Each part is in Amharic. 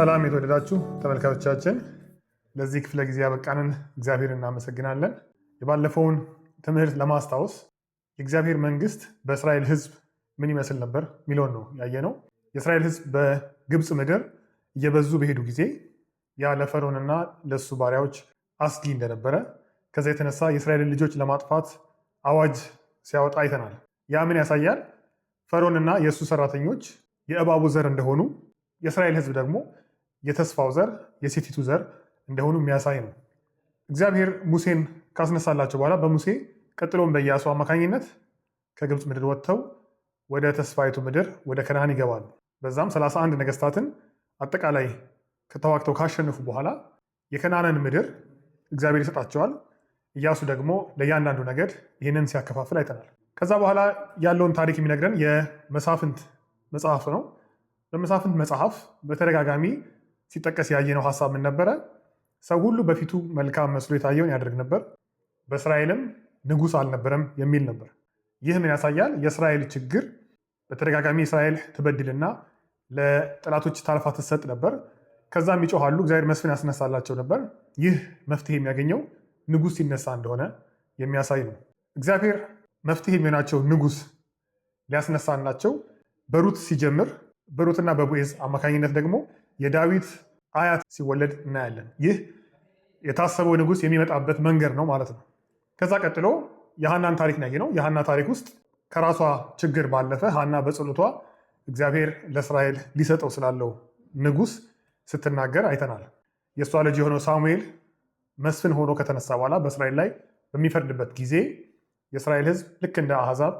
ሰላም የተወደዳችሁ ተመልካቾቻችን፣ ለዚህ ክፍለ ጊዜ ያበቃንን እግዚአብሔር እናመሰግናለን። የባለፈውን ትምህርት ለማስታወስ የእግዚአብሔር መንግስት በእስራኤል ሕዝብ ምን ይመስል ነበር የሚለውን ነው ነው። የእስራኤል ሕዝብ በግብፅ ምድር እየበዙ በሄዱ ጊዜ ያ ለፈርዖንና ለሱ ባሪያዎች አስጊ እንደነበረ ከዛ የተነሳ የእስራኤልን ልጆች ለማጥፋት አዋጅ ሲያወጣ አይተናል። ያ ምን ያሳያል? ፈርዖንና የእሱ ሰራተኞች የእባቡ ዘር እንደሆኑ የእስራኤል ህዝብ ደግሞ የተስፋው ዘር የሴቲቱ ዘር እንደሆኑ የሚያሳይ ነው። እግዚአብሔር ሙሴን ካስነሳላቸው በኋላ በሙሴ ቀጥሎም በኢያሱ አማካኝነት ከግብፅ ምድር ወጥተው ወደ ተስፋይቱ ምድር ወደ ከነዓን ይገባሉ። በዛም ሰላሳ አንድ ነገስታትን አጠቃላይ ከተዋግተው ካሸነፉ በኋላ የከነዓንን ምድር እግዚአብሔር ይሰጣቸዋል። ኢያሱ ደግሞ ለእያንዳንዱ ነገድ ይህንን ሲያከፋፍል አይተናል። ከዛ በኋላ ያለውን ታሪክ የሚነግረን የመሳፍንት መጽሐፍ ነው። በመሳፍንት መጽሐፍ በተደጋጋሚ ሲጠቀስ ያየነው ሀሳብ ምን ነበረ? ሰው ሁሉ በፊቱ መልካም መስሎ የታየውን ያደርግ ነበር፣ በእስራኤልም ንጉሥ አልነበረም የሚል ነበር። ይህ ምን ያሳያል? የእስራኤል ችግር በተደጋጋሚ እስራኤል ትበድልና ለጠላቶች ታልፋ ትሰጥ ነበር። ከዛም ይጮሃሉ፣ እግዚአብሔር መስፍን ያስነሳላቸው ነበር። ይህ መፍትሄ የሚያገኘው ንጉሥ ሲነሳ እንደሆነ የሚያሳይ ነው። እግዚአብሔር መፍትሄ የሚሆናቸው ንጉሥ ሊያስነሳላቸው በሩት ሲጀምር በሩትና በቦዔዝ አማካኝነት ደግሞ የዳዊት አያት ሲወለድ እናያለን። ይህ የታሰበው ንጉስ የሚመጣበት መንገድ ነው ማለት ነው። ከዛ ቀጥሎ የሀናን ታሪክ ነው የሀና ታሪክ ውስጥ ከራሷ ችግር ባለፈ ሀና በጸሎቷ እግዚአብሔር ለእስራኤል ሊሰጠው ስላለው ንጉስ ስትናገር አይተናል። የእሷ ልጅ የሆነው ሳሙኤል መስፍን ሆኖ ከተነሳ በኋላ በእስራኤል ላይ በሚፈርድበት ጊዜ የእስራኤል ሕዝብ ልክ እንደ አሕዛብ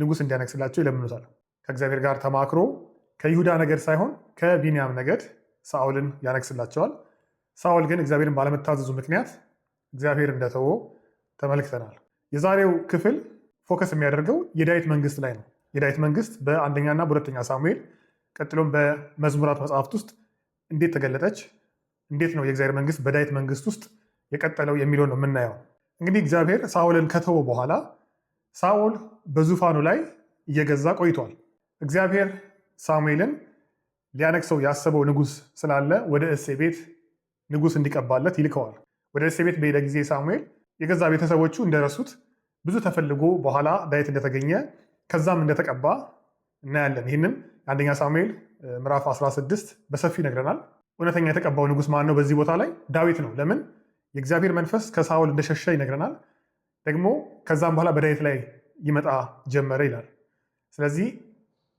ንጉስ እንዲያነግስላቸው ይለምኑታል። ከእግዚአብሔር ጋር ተማክሮ ከይሁዳ ነገድ ሳይሆን ከቢንያም ነገድ ሳኦልን ያነግስላቸዋል። ሳኦል ግን እግዚአብሔርን ባለመታዘዙ ምክንያት እግዚአብሔር እንደተወ ተመልክተናል። የዛሬው ክፍል ፎከስ የሚያደርገው የዳዊት መንግስት ላይ ነው። የዳዊት መንግስት በአንደኛና በሁለተኛ ሳሙኤል ቀጥሎም በመዝሙራት መጽሐፍት ውስጥ እንዴት ተገለጠች፣ እንዴት ነው የእግዚአብሔር መንግስት በዳዊት መንግስት ውስጥ የቀጠለው የሚለው ነው የምናየው። እንግዲህ እግዚአብሔር ሳኦልን ከተወ በኋላ ሳኦል በዙፋኑ ላይ እየገዛ ቆይቷል። እግዚአብሔር ሳሙኤልን ሊያነግሰው ያሰበው ንጉስ ስላለ ወደ እሴ ቤት ንጉስ እንዲቀባለት ይልከዋል። ወደ እሴ ቤት በሄደ ጊዜ ሳሙኤል የገዛ ቤተሰቦቹ እንደረሱት ብዙ ተፈልጎ በኋላ ዳዊት እንደተገኘ ከዛም እንደተቀባ እናያለን። ይህንን አንደኛ ሳሙኤል ምዕራፍ 16 በሰፊው ይነግረናል። እውነተኛ የተቀባው ንጉስ ማን ነው? በዚህ ቦታ ላይ ዳዊት ነው። ለምን? የእግዚአብሔር መንፈስ ከሳውል እንደሸሸ ይነግረናል። ደግሞ ከዛም በኋላ በዳዊት ላይ ይመጣ ጀመረ ይላል። ስለዚህ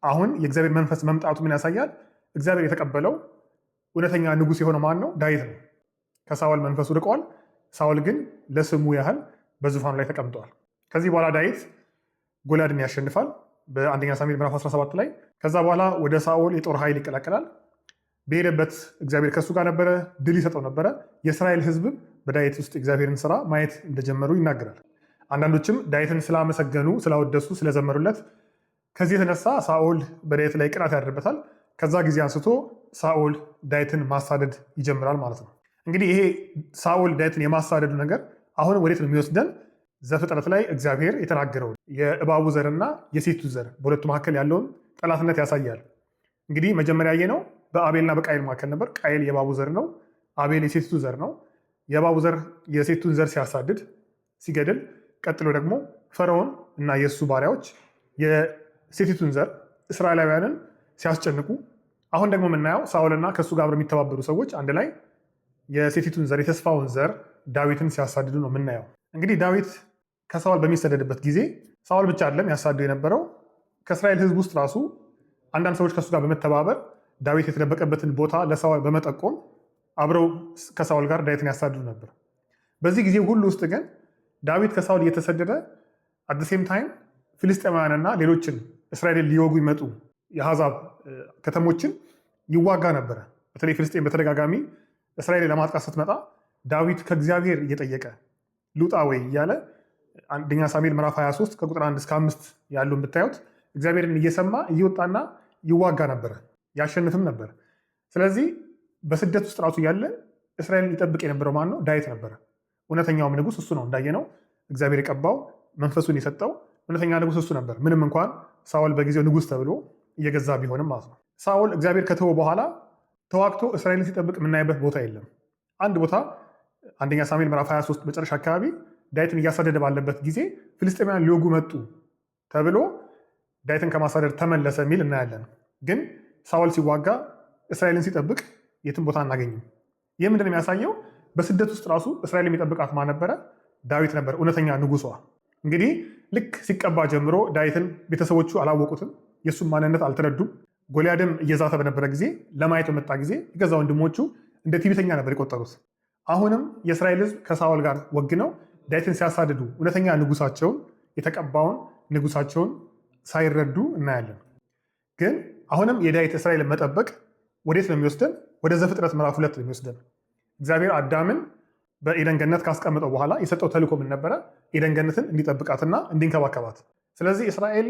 አሁን የእግዚአብሔር መንፈስ መምጣቱ ምን ያሳያል? እግዚአብሔር የተቀበለው እውነተኛ ንጉሥ የሆነው ማን ነው? ዳዊት ነው። ከሳውል መንፈሱ ርቀዋል። ሳውል ግን ለስሙ ያህል በዙፋኑ ላይ ተቀምጠዋል። ከዚህ በኋላ ዳዊት ጎልያድን ያሸንፋል በአንደኛ ሳሙኤል ምዕራፍ 17 ላይ። ከዛ በኋላ ወደ ሳኦል የጦር ኃይል ይቀላቀላል። በሄደበት እግዚአብሔር ከእሱ ጋር ነበረ፣ ድል ይሰጠው ነበረ። የእስራኤል ሕዝብም በዳዊት ውስጥ እግዚአብሔርን ስራ ማየት እንደጀመሩ ይናገራል። አንዳንዶችም ዳዊትን ስላመሰገኑ፣ ስላወደሱ፣ ስለዘመሩለት ከዚህ የተነሳ ሳኦል በዳዊት ላይ ቅናት ያደርበታል። ከዛ ጊዜ አንስቶ ሳኦል ዳዊትን ማሳደድ ይጀምራል ማለት ነው። እንግዲህ ይሄ ሳኦል ዳዊትን የማሳደዱ ነገር አሁንም ወዴት ነው የሚወስደን? ዘፍጥረት ላይ እግዚአብሔር የተናገረውን የእባቡ ዘርና የሴቱ ዘር በሁለቱ መካከል ያለውን ጠላትነት ያሳያል። እንግዲህ መጀመሪያ ያየ ነው በአቤልና በቃይል መካከል ነበር። ቃይል የእባቡ ዘር ነው፣ አቤል የሴቱ ዘር ነው። የእባቡ ዘር የሴቱን ዘር ሲያሳድድ ሲገድል፣ ቀጥሎ ደግሞ ፈርዖን እና የእሱ ባሪያዎች የሴቲቱን ዘር እስራኤላውያንን ሲያስጨንቁ፣ አሁን ደግሞ የምናየው ሳውልና ከእሱ ጋር አብረው የሚተባበሩ ሰዎች አንድ ላይ የሴቲቱን ዘር የተስፋውን ዘር ዳዊትን ሲያሳድዱ ነው የምናየው። እንግዲህ ዳዊት ከሳውል በሚሰደድበት ጊዜ ሳውል ብቻ አይደለም ያሳዱ የነበረው ከእስራኤል ሕዝብ ውስጥ ራሱ አንዳንድ ሰዎች ከእሱ ጋር በመተባበር ዳዊት የተደበቀበትን ቦታ ለሳኦል በመጠቆም አብረው ከሳውል ጋር ዳዊትን ያሳድዱ ነበር። በዚህ ጊዜ ሁሉ ውስጥ ግን ዳዊት ከሳውል እየተሰደደ አደሴም ታይም ፊልስጤማውያንና ሌሎችን እስራኤልን ሊወጉ ይመጡ የአሕዛብ ከተሞችን ይዋጋ ነበረ። በተለይ ፍልስጤን በተደጋጋሚ እስራኤል ለማጥቃት ስትመጣ ዳዊት ከእግዚአብሔር እየጠየቀ ልውጣ ወይ እያለ አንደኛ ሳሙኤል ምዕራፍ 23 ከቁጥር 1 እስከ 5 ያሉ ብታዩት እግዚአብሔርን እየሰማ እየወጣና ይዋጋ ነበረ፣ ያሸንፍም ነበር። ስለዚህ በስደት ውስጥ ራሱ እያለ እስራኤልን ይጠብቅ የነበረው ማን ነው? ዳዊት ነበረ። እውነተኛውም ንጉስ እሱ ነው። እንዳየነው እግዚአብሔር የቀባው መንፈሱን የሰጠው እውነተኛ ንጉስ እሱ ነበር። ምንም እንኳን ሳውል በጊዜው ንጉስ ተብሎ እየገዛ ቢሆንም ማለት ነው። ሳውል እግዚአብሔር ከተወ በኋላ ተዋግቶ እስራኤልን ሲጠብቅ የምናይበት ቦታ የለም። አንድ ቦታ አንደኛ ሳሙኤል ምዕራፍ 23 መጨረሻ አካባቢ ዳዊትን እያሳደደ ባለበት ጊዜ ፍልስጤማውያን ሊወጉ መጡ ተብሎ ዳዊትን ከማሳደድ ተመለሰ የሚል እናያለን። ግን ሳውል ሲዋጋ እስራኤልን ሲጠብቅ የትም ቦታ አናገኝም። ይህ ምንድን የሚያሳየው በስደት ውስጥ ራሱ እስራኤል የሚጠብቃት አትማ ነበረ? ዳዊት ነበር፣ እውነተኛ ንጉሷ። እንግዲህ ልክ ሲቀባ ጀምሮ ዳዊትን ቤተሰቦቹ አላወቁትም። የእሱን ማንነት አልተረዱም። ጎልያድም እየዛተ በነበረ ጊዜ ለማየት በመጣ ጊዜ የገዛ ወንድሞቹ እንደ ትዕቢተኛ ነበር የቆጠሩት። አሁንም የእስራኤል ሕዝብ ከሳኦል ጋር ወግነው ዳዊትን ሲያሳድዱ እውነተኛ ንጉሳቸውን የተቀባውን ንጉሳቸውን ሳይረዱ እናያለን። ግን አሁንም የዳዊት እስራኤልን መጠበቅ ወዴት ነው የሚወስደን? ወደ ዘፍጥረት ምዕራፍ ሁለት ነው የሚወስደን። እግዚአብሔር አዳምን በኤደን ገነት ካስቀመጠው በኋላ የሰጠው ተልእኮ ምን ነበረ? ኤደን ገነትን እንዲጠብቃትና እንዲንከባከባት። ስለዚህ እስራኤል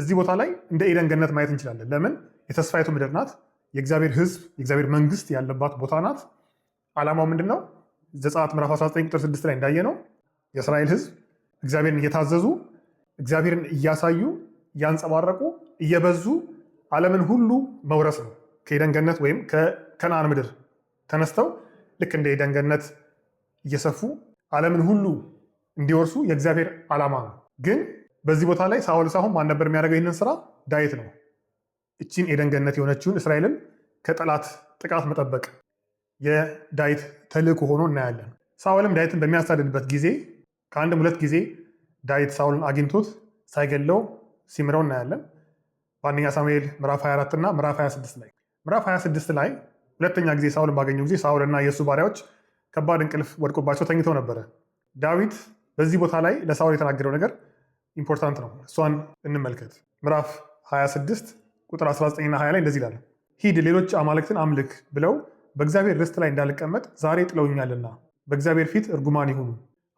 እዚህ ቦታ ላይ እንደ ኤደን ገነት ማየት እንችላለን። ለምን የተስፋይቱ ምድር ናት። የእግዚአብሔር ህዝብ የእግዚአብሔር መንግስት ያለባት ቦታ ናት። ዓላማው ምንድን ነው? ዘጸአት ምዕራፍ 19 ቁጥር 6 ላይ እንዳየ ነው የእስራኤል ህዝብ እግዚአብሔርን እየታዘዙ እግዚአብሔርን እያሳዩ እያንጸባረቁ እየበዙ ዓለምን ሁሉ መውረስ ነው። ከኤደን ገነት ወይም ከከነአን ምድር ተነስተው ልክ እንደ ኤደን ገነት እየሰፉ ዓለምን ሁሉ እንዲወርሱ የእግዚአብሔር ዓላማ ነው ግን በዚህ ቦታ ላይ ሳኦል ሳሁን ማን ነበር የሚያደርገው ይህንን ስራ? ዳዊት ነው። እቺን ኤደን ገነት የሆነችውን እስራኤልን ከጠላት ጥቃት መጠበቅ የዳዊት ተልእኮ ሆኖ እናያለን። ሳውልም ዳዊትን በሚያሳድድበት ጊዜ ከአንድም ሁለት ጊዜ ዳዊት ሳውልን አግኝቶት ሳይገለው ሲምረው እናያለን በአንደኛ ሳሙኤል ምዕራፍ 24 እና ምዕራፍ 26 ላይ ምዕራፍ 26 ላይ ሁለተኛ ጊዜ ሳውልን ባገኘው ጊዜ ሳኦልና የእሱ ባሪያዎች ከባድ እንቅልፍ ወድቆባቸው ተኝተው ነበረ። ዳዊት በዚህ ቦታ ላይ ለሳውል የተናገረው ነገር ኢምፖርታንት ነው። እሷን እንመልከት። ምዕራፍ 26 ቁጥር 19ና 20 ላይ እንደዚህ ይላል፣ ሂድ ሌሎች አማልክትን አምልክ ብለው በእግዚአብሔር ርስት ላይ እንዳልቀመጥ ዛሬ ጥለውኛልና በእግዚአብሔር ፊት እርጉማን ይሁኑ።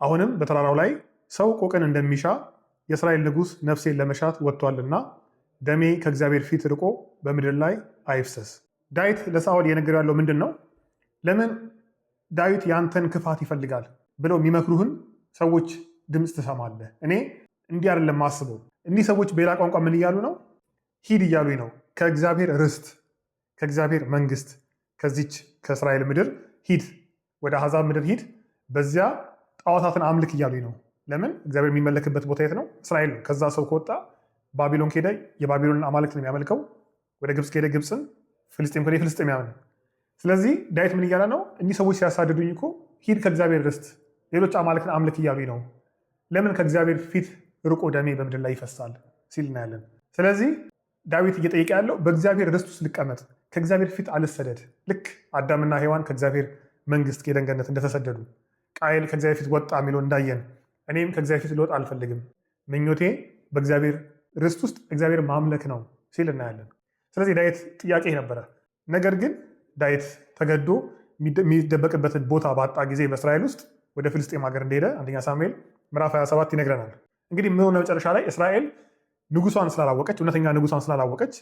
አሁንም በተራራው ላይ ሰው ቆቅን እንደሚሻ የእስራኤል ንጉሥ ነፍሴን ለመሻት ወጥቷልና ደሜ ከእግዚአብሔር ፊት ርቆ በምድር ላይ አይፍሰስ። ዳዊት ለሳኦል እየነገረው ያለው ምንድን ነው? ለምን ዳዊት ያንተን ክፋት ይፈልጋል ብለው የሚመክሩህን ሰዎች ድምፅ ትሰማለህ? እኔ እንዲህ አይደለም ማስበው። እኒህ ሰዎች በሌላ ቋንቋ ምን እያሉ ነው? ሂድ እያሉ ነው። ከእግዚአብሔር ርስት፣ ከእግዚአብሔር መንግስት፣ ከዚች ከእስራኤል ምድር ሂድ፣ ወደ አሕዛብ ምድር ሂድ፣ በዚያ ጣዖታትን አምልክ እያሉ ነው። ለምን? እግዚአብሔር የሚመለክበት ቦታ የት ነው? እስራኤል ነው። ከዛ ሰው ከወጣ ባቢሎን ከሄደ የባቢሎንን አማልክት ነው የሚያመልከው። ወደ ግብፅ ከሄደ ግብፅን፣ ፍልስጤም ከሄደ ፍልስጤም ያምን። ስለዚህ ዳዊት ምን እያለ ነው? እኒህ ሰዎች ሲያሳድዱኝ እኮ ሂድ ከእግዚአብሔር ርስት ሌሎች አማልክን አምልክ እያሉ ነው። ለምን ከእግዚአብሔር ፊት ርቆ ደሜ በምድር ላይ ይፈሳል ሲል እናያለን። ስለዚህ ዳዊት እየጠየቀ ያለው በእግዚአብሔር ርስት ውስጥ ልቀመጥ፣ ከእግዚአብሔር ፊት አልሰደድ። ልክ አዳምና ሔዋን ከእግዚአብሔር መንግስት የደንገነት እንደተሰደዱ ቃየል ከእግዚአብሔር ፊት ወጣ የሚለው እንዳየን እኔም ከእግዚአብሔር ፊት ልወጣ አልፈልግም፣ ምኞቴ በእግዚአብሔር ርስት ውስጥ እግዚአብሔር ማምለክ ነው ሲል እናያለን። ስለዚህ ዳዊት ጥያቄ ነበረ። ነገር ግን ዳዊት ተገዶ የሚደበቅበትን ቦታ ባጣ ጊዜ በእስራኤል ውስጥ ወደ ፍልስጤም ሀገር እንደሄደ አንደኛ ሳሙኤል ምዕራፍ 27 ይነግረናል። እንግዲህ ምን መጨረሻ ላይ እስራኤል ንጉሷን ስላላወቀች እውነተኛ ንጉሷን ስላላወቀች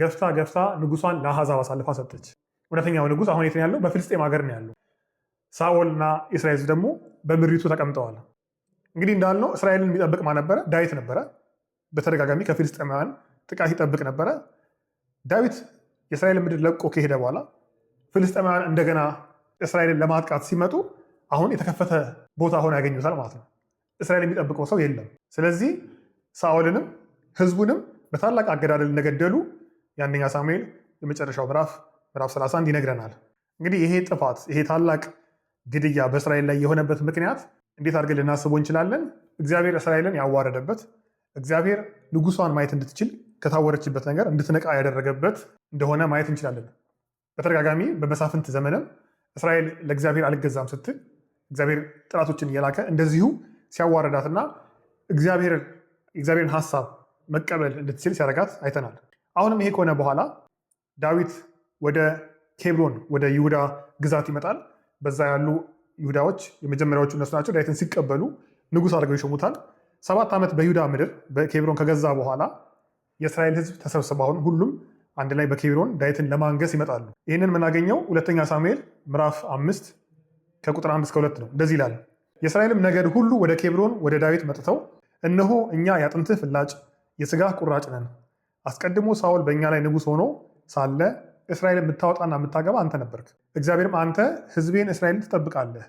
ገፍታ ገፍታ ንጉሷን ለአሕዛብ አሳልፋ ሰጠች። እውነተኛው ንጉስ አሁን የት ነው ያለው? በፍልስጤም ሀገር ነው ያለው። ሳኦል እና እስራኤል ደግሞ በምድሪቱ ተቀምጠዋል። እንግዲህ እንዳልነው እስራኤልን የሚጠብቅ ማ ነበረ? ዳዊት ነበረ። በተደጋጋሚ ከፊልስጤማውያን ጥቃት ይጠብቅ ነበረ። ዳዊት የእስራኤል ምድር ለቆ ከሄደ በኋላ ፍልስጤማውያን እንደገና እስራኤልን ለማጥቃት ሲመጡ አሁን የተከፈተ ቦታ ሆኖ ያገኙታል ማለት ነው። እስራኤል የሚጠብቀው ሰው የለም። ስለዚህ ሳኦልንም ህዝቡንም በታላቅ አገዳደል እንደገደሉ የአንደኛ ሳሙኤል የመጨረሻው ምዕራፍ ምዕራፍ 31 ይነግረናል። እንግዲህ ይሄ ጥፋት ይሄ ታላቅ ግድያ በእስራኤል ላይ የሆነበት ምክንያት እንዴት አድርገን ልናስቡ እንችላለን? እግዚአብሔር እስራኤልን ያዋረደበት፣ እግዚአብሔር ንጉሷን ማየት እንድትችል ከታወረችበት ነገር እንድትነቃ ያደረገበት እንደሆነ ማየት እንችላለን። በተደጋጋሚ በመሳፍንት ዘመንም እስራኤል ለእግዚአብሔር አልገዛም ስትል እግዚአብሔር ጠላቶችን እየላከ እንደዚሁ ሲያዋረዳትና እግዚአብሔርን ሀሳብ መቀበል እንድትችል ሲያደርጋት አይተናል። አሁንም ይሄ ከሆነ በኋላ ዳዊት ወደ ኬብሮን ወደ ይሁዳ ግዛት ይመጣል። በዛ ያሉ ይሁዳዎች የመጀመሪያዎቹ እነሱ ናቸው። ዳዊትን ሲቀበሉ ንጉሥ አድርገው ይሾሙታል። ሰባት ዓመት በይሁዳ ምድር በኬብሮን ከገዛ በኋላ የእስራኤል ህዝብ ተሰብስበ አሁን ሁሉም አንድ ላይ በኬብሮን ዳዊትን ለማንገስ ይመጣሉ። ይህንን የምናገኘው ሁለተኛ ሳሙኤል ምዕራፍ አምስት ከቁጥር አንድ እስከ ሁለት ነው። እንደዚህ ይላል። የእስራኤልም ነገድ ሁሉ ወደ ኬብሮን ወደ ዳዊት መጥተው እነሆ እኛ የአጥንትህ ፍላጭ የስጋህ ቁራጭ ነን። አስቀድሞ ሳውል በእኛ ላይ ንጉሥ ሆኖ ሳለ እስራኤል የምታወጣና የምታገባ አንተ ነበርክ። እግዚአብሔርም አንተ ሕዝቤን እስራኤልን ትጠብቃለህ፣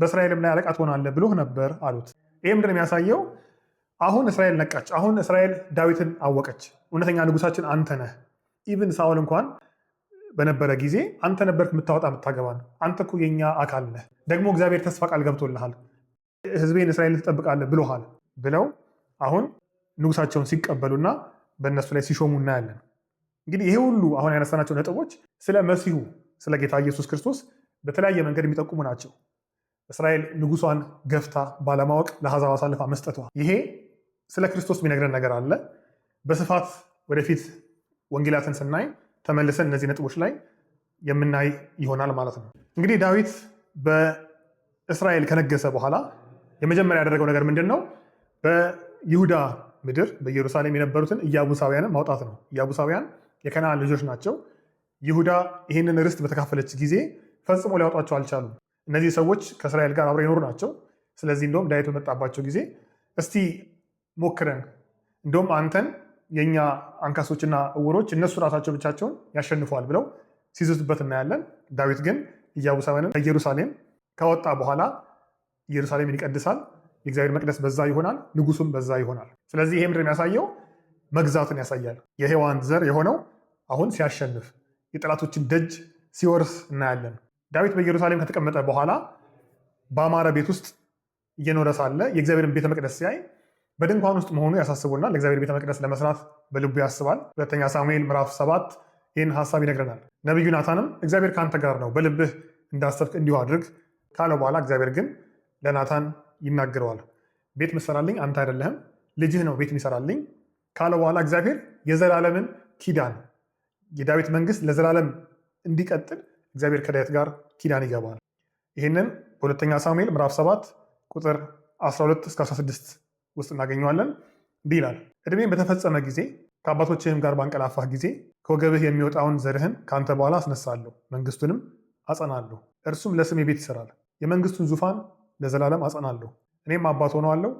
በእስራኤልም ላይ አለቃ ትሆናለህ ብሎህ ነበር አሉት። ይህ ምንድን የሚያሳየው? አሁን እስራኤል ነቃች። አሁን እስራኤል ዳዊትን አወቀች። እውነተኛ ንጉሳችን አንተ ነህ። ኢቭን ሳውል እንኳን በነበረ ጊዜ አንተ ነበርክ የምታወጣ የምታገባን፣ አንተ እኮ የኛ አካል ነህ። ደግሞ እግዚአብሔር ተስፋ ቃል ገብቶልሃል፣ ሕዝቤን እስራኤልን ትጠብቃለህ ብሎሃል። ብለው አሁን ንጉሳቸውን ሲቀበሉና በእነሱ ላይ ሲሾሙ እናያለን። እንግዲህ ይሄ ሁሉ አሁን ያነሳናቸው ነጥቦች ስለ መሲሁ ስለ ጌታ ኢየሱስ ክርስቶስ በተለያየ መንገድ የሚጠቁሙ ናቸው። እስራኤል ንጉሷን ገፍታ ባለማወቅ ለአሕዛብ አሳልፋ መስጠቷ፣ ይሄ ስለ ክርስቶስ የሚነግረን ነገር አለ። በስፋት ወደፊት ወንጌላትን ስናይ ተመልሰን እነዚህ ነጥቦች ላይ የምናይ ይሆናል ማለት ነው። እንግዲህ ዳዊት በእስራኤል ከነገሰ በኋላ የመጀመሪያ ያደረገው ነገር ምንድን ነው? በይሁዳ ምድር በኢየሩሳሌም የነበሩትን ኢያቡሳውያንን ማውጣት ነው። ኢያቡሳውያን የከነዓን ልጆች ናቸው። ይሁዳ ይህንን ርስት በተካፈለች ጊዜ ፈጽሞ ሊያወጧቸው አልቻሉም። እነዚህ ሰዎች ከእስራኤል ጋር አብረው የኖሩ ናቸው። ስለዚህ እንደውም ዳዊት በመጣባቸው ጊዜ እስቲ ሞክረን እንደውም አንተን የእኛ አንካሶችና እውሮች እነሱ ራሳቸው ብቻቸውን ያሸንፈዋል ብለው ሲዝቱበት እናያለን። ዳዊት ግን ኢያቡሳውያንን ከኢየሩሳሌም ከወጣ በኋላ ኢየሩሳሌምን ይቀድሳል። የእግዚአብሔር መቅደስ በዛ ይሆናል፣ ንጉሱም በዛ ይሆናል። ስለዚህ ይሄ ምድር የሚያሳየው መግዛትን ያሳያል። የሔዋን ዘር የሆነው አሁን ሲያሸንፍ የጠላቶችን ደጅ ሲወርስ እናያለን። ዳዊት በኢየሩሳሌም ከተቀመጠ በኋላ በአማረ ቤት ውስጥ እየኖረ ሳለ የእግዚአብሔርን ቤተ መቅደስ ሲያይ በድንኳን ውስጥ መሆኑ ያሳስቦና ለእግዚአብሔር ቤተ መቅደስ ለመስራት በልቡ ያስባል። ሁለተኛ ሳሙኤል ምዕራፍ ሰባት ይህን ሀሳብ ይነግረናል። ነቢዩ ናታንም እግዚአብሔር ከአንተ ጋር ነው፣ በልብህ እንዳሰብክ እንዲሁ አድርግ ካለ በኋላ እግዚአብሔር ግን ለናታን ይናገረዋል። ቤት ምሰራልኝ አንተ አይደለህም ልጅህ ነው ቤት የሚሰራልኝ ካለ በኋላ እግዚአብሔር የዘላለምን ኪዳን የዳዊት መንግስት ለዘላለም እንዲቀጥል እግዚአብሔር ከዳዊት ጋር ኪዳን ይገባል። ይህንን በሁለተኛ ሳሙኤል ምዕራፍ 7 ቁጥር 12 እስከ 16 ውስጥ እናገኘዋለን። እንዲህ ይላል፣ እድሜን በተፈጸመ ጊዜ ከአባቶችህም ጋር ባንቀላፋህ ጊዜ ከወገብህ የሚወጣውን ዘርህን ከአንተ በኋላ አስነሳለሁ፣ መንግስቱንም አጸናለሁ። እርሱም ለስሜ ቤት ይሰራል፣ የመንግስቱን ዙፋን ለዘላለም አጸናለሁ፣ እኔም አባት ሆነዋለሁ፣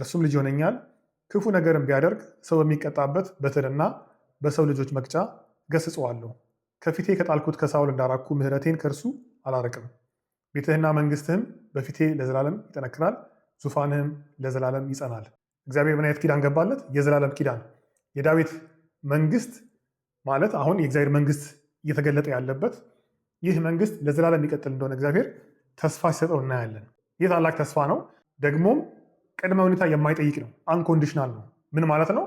እርሱም ልጅ ይሆነኛል። ክፉ ነገርን ቢያደርግ ሰው በሚቀጣበት በትርና በሰው ልጆች መቅጫ ገስጸዋለሁ። ከፊቴ ከጣልኩት ከሳውል እንዳራኩ ምሕረቴን ከእርሱ አላርቅም። ቤትህና መንግስትህም በፊቴ ለዘላለም ይጠነክራል፣ ዙፋንህም ለዘላለም ይጸናል። እግዚአብሔር ምን አይነት ኪዳን ገባለት? የዘላለም ኪዳን። የዳዊት መንግስት ማለት አሁን የእግዚአብሔር መንግስት እየተገለጠ ያለበት ይህ መንግስት ለዘላለም ይቀጥል እንደሆነ እግዚአብሔር ተስፋ ሲሰጠው እናያለን። ይህ ታላቅ ተስፋ ነው። ደግሞም ቅድመ ሁኔታ የማይጠይቅ ነው። አንኮንዲሽናል ነው። ምን ማለት ነው?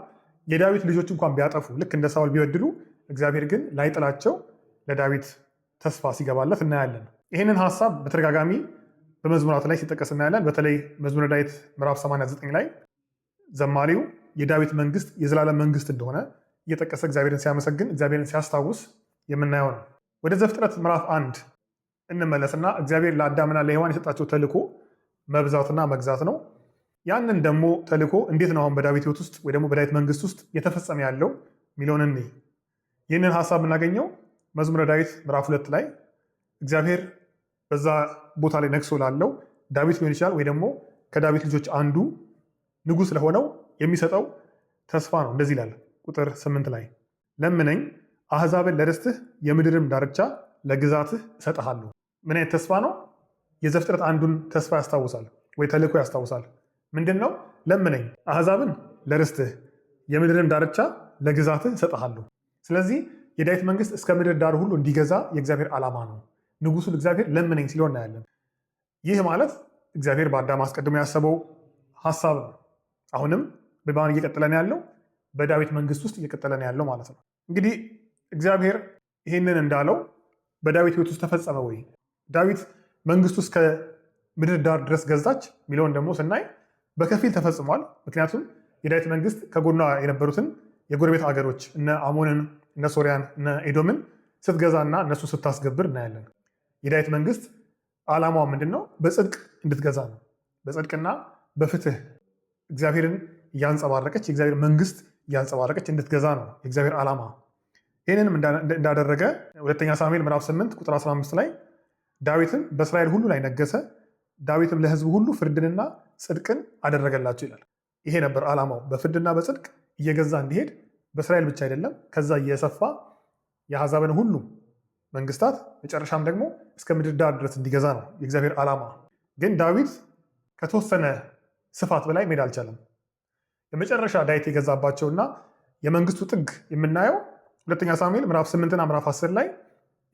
የዳዊት ልጆች እንኳን ቢያጠፉ ልክ እንደ ሳውል ቢበድሉ እግዚአብሔር ግን ላይጥላቸው ለዳዊት ተስፋ ሲገባለት እናያለን። ይህንን ሀሳብ በተደጋጋሚ በመዝሙራት ላይ ሲጠቀስ እናያለን። በተለይ መዝሙረ ዳዊት ምዕራፍ 89 ላይ ዘማሪው የዳዊት መንግስት የዘላለም መንግስት እንደሆነ እየጠቀሰ እግዚአብሔርን ሲያመሰግን፣ እግዚአብሔርን ሲያስታውስ የምናየው ነው። ወደ ዘፍጥረት ምዕራፍ አንድ እንመለስና እግዚአብሔር ለአዳምና ለሔዋን የሰጣቸው ተልዕኮ መብዛትና መግዛት ነው። ያንን ደግሞ ተልእኮ እንዴት ነው አሁን በዳዊት ህይወት ውስጥ ወይ ደግሞ በዳዊት መንግስት ውስጥ የተፈጸመ ያለው ሚሊዮንን እኔ ይህንን ሀሳብ የምናገኘው መዝሙረ ዳዊት ምዕራፍ ሁለት ላይ እግዚአብሔር በዛ ቦታ ላይ ነግሶ ላለው ዳዊት ሊሆን ይችላል ወይ ደግሞ ከዳዊት ልጆች አንዱ ንጉሥ ለሆነው የሚሰጠው ተስፋ ነው። እንደዚህ ይላል ቁጥር ስምንት ላይ ለምነኝ አህዛብን ለርስትህ የምድርም ዳርቻ ለግዛትህ እሰጥሃለሁ። ምን አይነት ተስፋ ነው? የዘፍጥረት አንዱን ተስፋ ያስታውሳል ወይ ተልእኮ ያስታውሳል። ምንድን ነው? ለምነኝ አሕዛብን ለርስትህ የምድርን ዳርቻ ለግዛትህ እሰጥሃለሁ። ስለዚህ የዳዊት መንግስት እስከ ምድር ዳር ሁሉ እንዲገዛ የእግዚአብሔር ዓላማ ነው። ንጉሱን እግዚአብሔር ለምነኝ ሲለው እናያለን። ይህ ማለት እግዚአብሔር በአዳም አስቀድሞ ያሰበው ሀሳብ ነው። አሁንም በማን እየቀጠለን ያለው በዳዊት መንግስት ውስጥ እየቀጠለን ያለው ማለት ነው። እንግዲህ እግዚአብሔር ይህንን እንዳለው በዳዊት ቤት ውስጥ ተፈጸመ ወይ? ዳዊት መንግስቱ እስከ ምድር ዳር ድረስ ገዛች የሚለውን ደግሞ ስናይ በከፊል ተፈጽሟል። ምክንያቱም የዳዊት መንግስት ከጎኗ የነበሩትን የጎረቤት አገሮች እነ አሞንን፣ እነ ሶሪያን፣ እነ ኤዶምን ስትገዛና እነሱ ስታስገብር እናያለን። የዳዊት መንግስት ዓላማዋ ምንድን ነው? በጽድቅ እንድትገዛ ነው። በጽድቅና በፍትህ እግዚአብሔርን እያንጸባረቀች የእግዚአብሔር መንግስት እያንጸባረቀች እንድትገዛ ነው የእግዚአብሔር ዓላማ። ይህንንም እንዳደረገ ሁለተኛ ሳሙኤል ምዕራፍ 8 ቁጥር 15 ላይ ዳዊትም በእስራኤል ሁሉ ላይ ነገሰ፣ ዳዊትም ለህዝቡ ሁሉ ፍርድንና ጽድቅን አደረገላቸው ይላል። ይሄ ነበር ዓላማው፣ በፍርድና በጽድቅ እየገዛ እንዲሄድ በእስራኤል ብቻ አይደለም፣ ከዛ እየሰፋ የአሕዛብን ሁሉ መንግስታት መጨረሻም ደግሞ እስከ ምድር ዳር ድረስ እንዲገዛ ነው የእግዚአብሔር ዓላማ። ግን ዳዊት ከተወሰነ ስፋት በላይ መሄድ አልቻለም። የመጨረሻ ዳዊት የገዛባቸውና የመንግስቱ ጥግ የምናየው ሁለተኛ ሳሙኤል ምዕራፍ 8ና ምዕራፍ 10 ላይ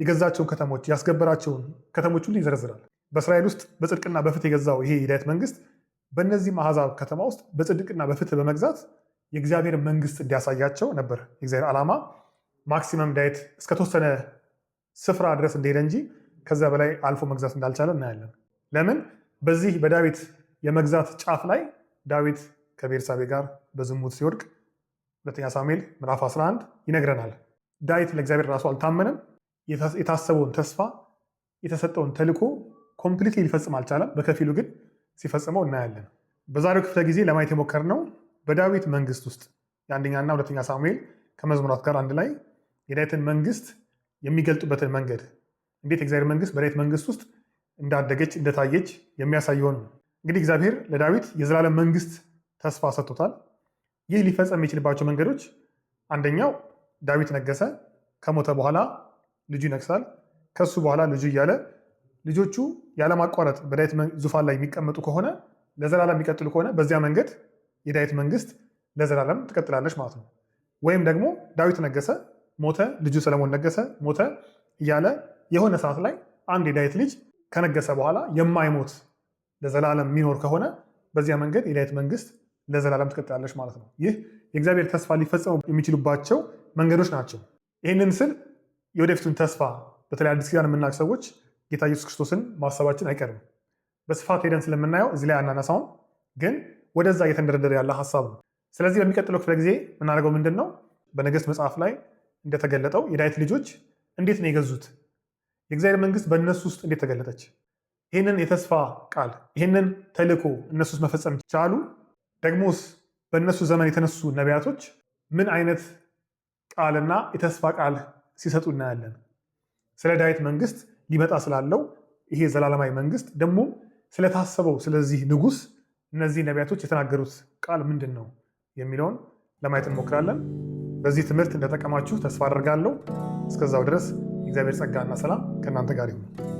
የገዛቸውን ከተሞች ያስገበራቸውን ከተሞች ሁሉ ይዘረዝራል። በእስራኤል ውስጥ በጽድቅና በፍትህ የገዛው ይሄ የዳዊት መንግስት በእነዚህም አሕዛብ ከተማ ውስጥ በጽድቅና በፍትህ በመግዛት የእግዚአብሔር መንግስት እንዲያሳያቸው ነበር የእግዚአብሔር ዓላማ። ማክሲመም ዳዊት እስከተወሰነ ስፍራ ድረስ እንደሄደ እንጂ ከዛ በላይ አልፎ መግዛት እንዳልቻለ እናያለን። ለምን? በዚህ በዳዊት የመግዛት ጫፍ ላይ ዳዊት ከቤርሳቤ ጋር በዝሙት ሲወድቅ ሁለተኛ ሳሙኤል ምዕራፍ 11 ይነግረናል። ዳዊት ለእግዚአብሔር ራሱ አልታመንም። የታሰበውን ተስፋ የተሰጠውን ተልዕኮ ኮምፕሊት ሊፈጽም አልቻለም። በከፊሉ ግን ሲፈጽመው እናያለን። በዛሬው ክፍለ ጊዜ ለማየት የሞከርነው በዳዊት መንግስት ውስጥ የአንደኛና ሁለተኛ ሳሙኤል ከመዝሙራት ጋር አንድ ላይ የዳዊትን መንግስት የሚገልጡበትን መንገድ እንዴት የእግዚአብሔር መንግስት በዳዊት መንግስት ውስጥ እንዳደገች እንደታየች የሚያሳየውን ነው። እንግዲህ እግዚአብሔር ለዳዊት የዘላለም መንግስት ተስፋ ሰጥቶታል። ይህ ሊፈጸም የሚችልባቸው መንገዶች አንደኛው ዳዊት ነገሰ፣ ከሞተ በኋላ ልጁ ይነግሳል። ከሱ በኋላ ልጁ እያለ ልጆቹ ያለማቋረጥ በዳዊት ዙፋን ላይ የሚቀመጡ ከሆነ ለዘላለም የሚቀጥሉ ከሆነ በዚያ መንገድ የዳዊት መንግስት ለዘላለም ትቀጥላለች ማለት ነው። ወይም ደግሞ ዳዊት ነገሰ፣ ሞተ፣ ልጁ ሰለሞን ነገሰ፣ ሞተ እያለ የሆነ ሰዓት ላይ አንድ የዳዊት ልጅ ከነገሰ በኋላ የማይሞት ለዘላለም የሚኖር ከሆነ በዚያ መንገድ የዳዊት መንግስት ለዘላለም ትቀጥላለች ማለት ነው። ይህ የእግዚአብሔር ተስፋ ሊፈጸሙ የሚችሉባቸው መንገዶች ናቸው። ይህንን ስል የወደፊቱን ተስፋ በተለይ አዲስ ኪዳን የምናውቅ ሰዎች ጌታ ኢየሱስ ክርስቶስን ማሰባችን አይቀርም። በስፋት ሄደን ስለምናየው እዚህ ላይ አናነሳውም፣ ግን ወደዛ እየተንደረደረ ያለ ሀሳብ ነው። ስለዚህ በሚቀጥለው ክፍለ ጊዜ የምናደርገው ምንድን ነው? በነገስት መጽሐፍ ላይ እንደተገለጠው የዳዊት ልጆች እንዴት ነው የገዙት? የእግዚአብሔር መንግስት በእነሱ ውስጥ እንዴት ተገለጠች? ይህንን የተስፋ ቃል ይህንን ተልእኮ እነሱ ውስጥ መፈጸም ቻሉ? ደግሞስ በእነሱ ዘመን የተነሱ ነቢያቶች ምን አይነት ቃልና የተስፋ ቃል ሲሰጡ እናያለን። ስለ ዳዊት መንግስት ሊመጣ ስላለው ይሄ ዘላለማዊ መንግስት ደግሞ ስለታሰበው ስለዚህ ንጉስ እነዚህ ነቢያቶች የተናገሩት ቃል ምንድን ነው የሚለውን ለማየት እንሞክራለን። በዚህ ትምህርት እንደጠቀማችሁ ተስፋ አድርጋለሁ። እስከዛው ድረስ እግዚአብሔር ጸጋና ሰላም ከእናንተ ጋር ይሁን።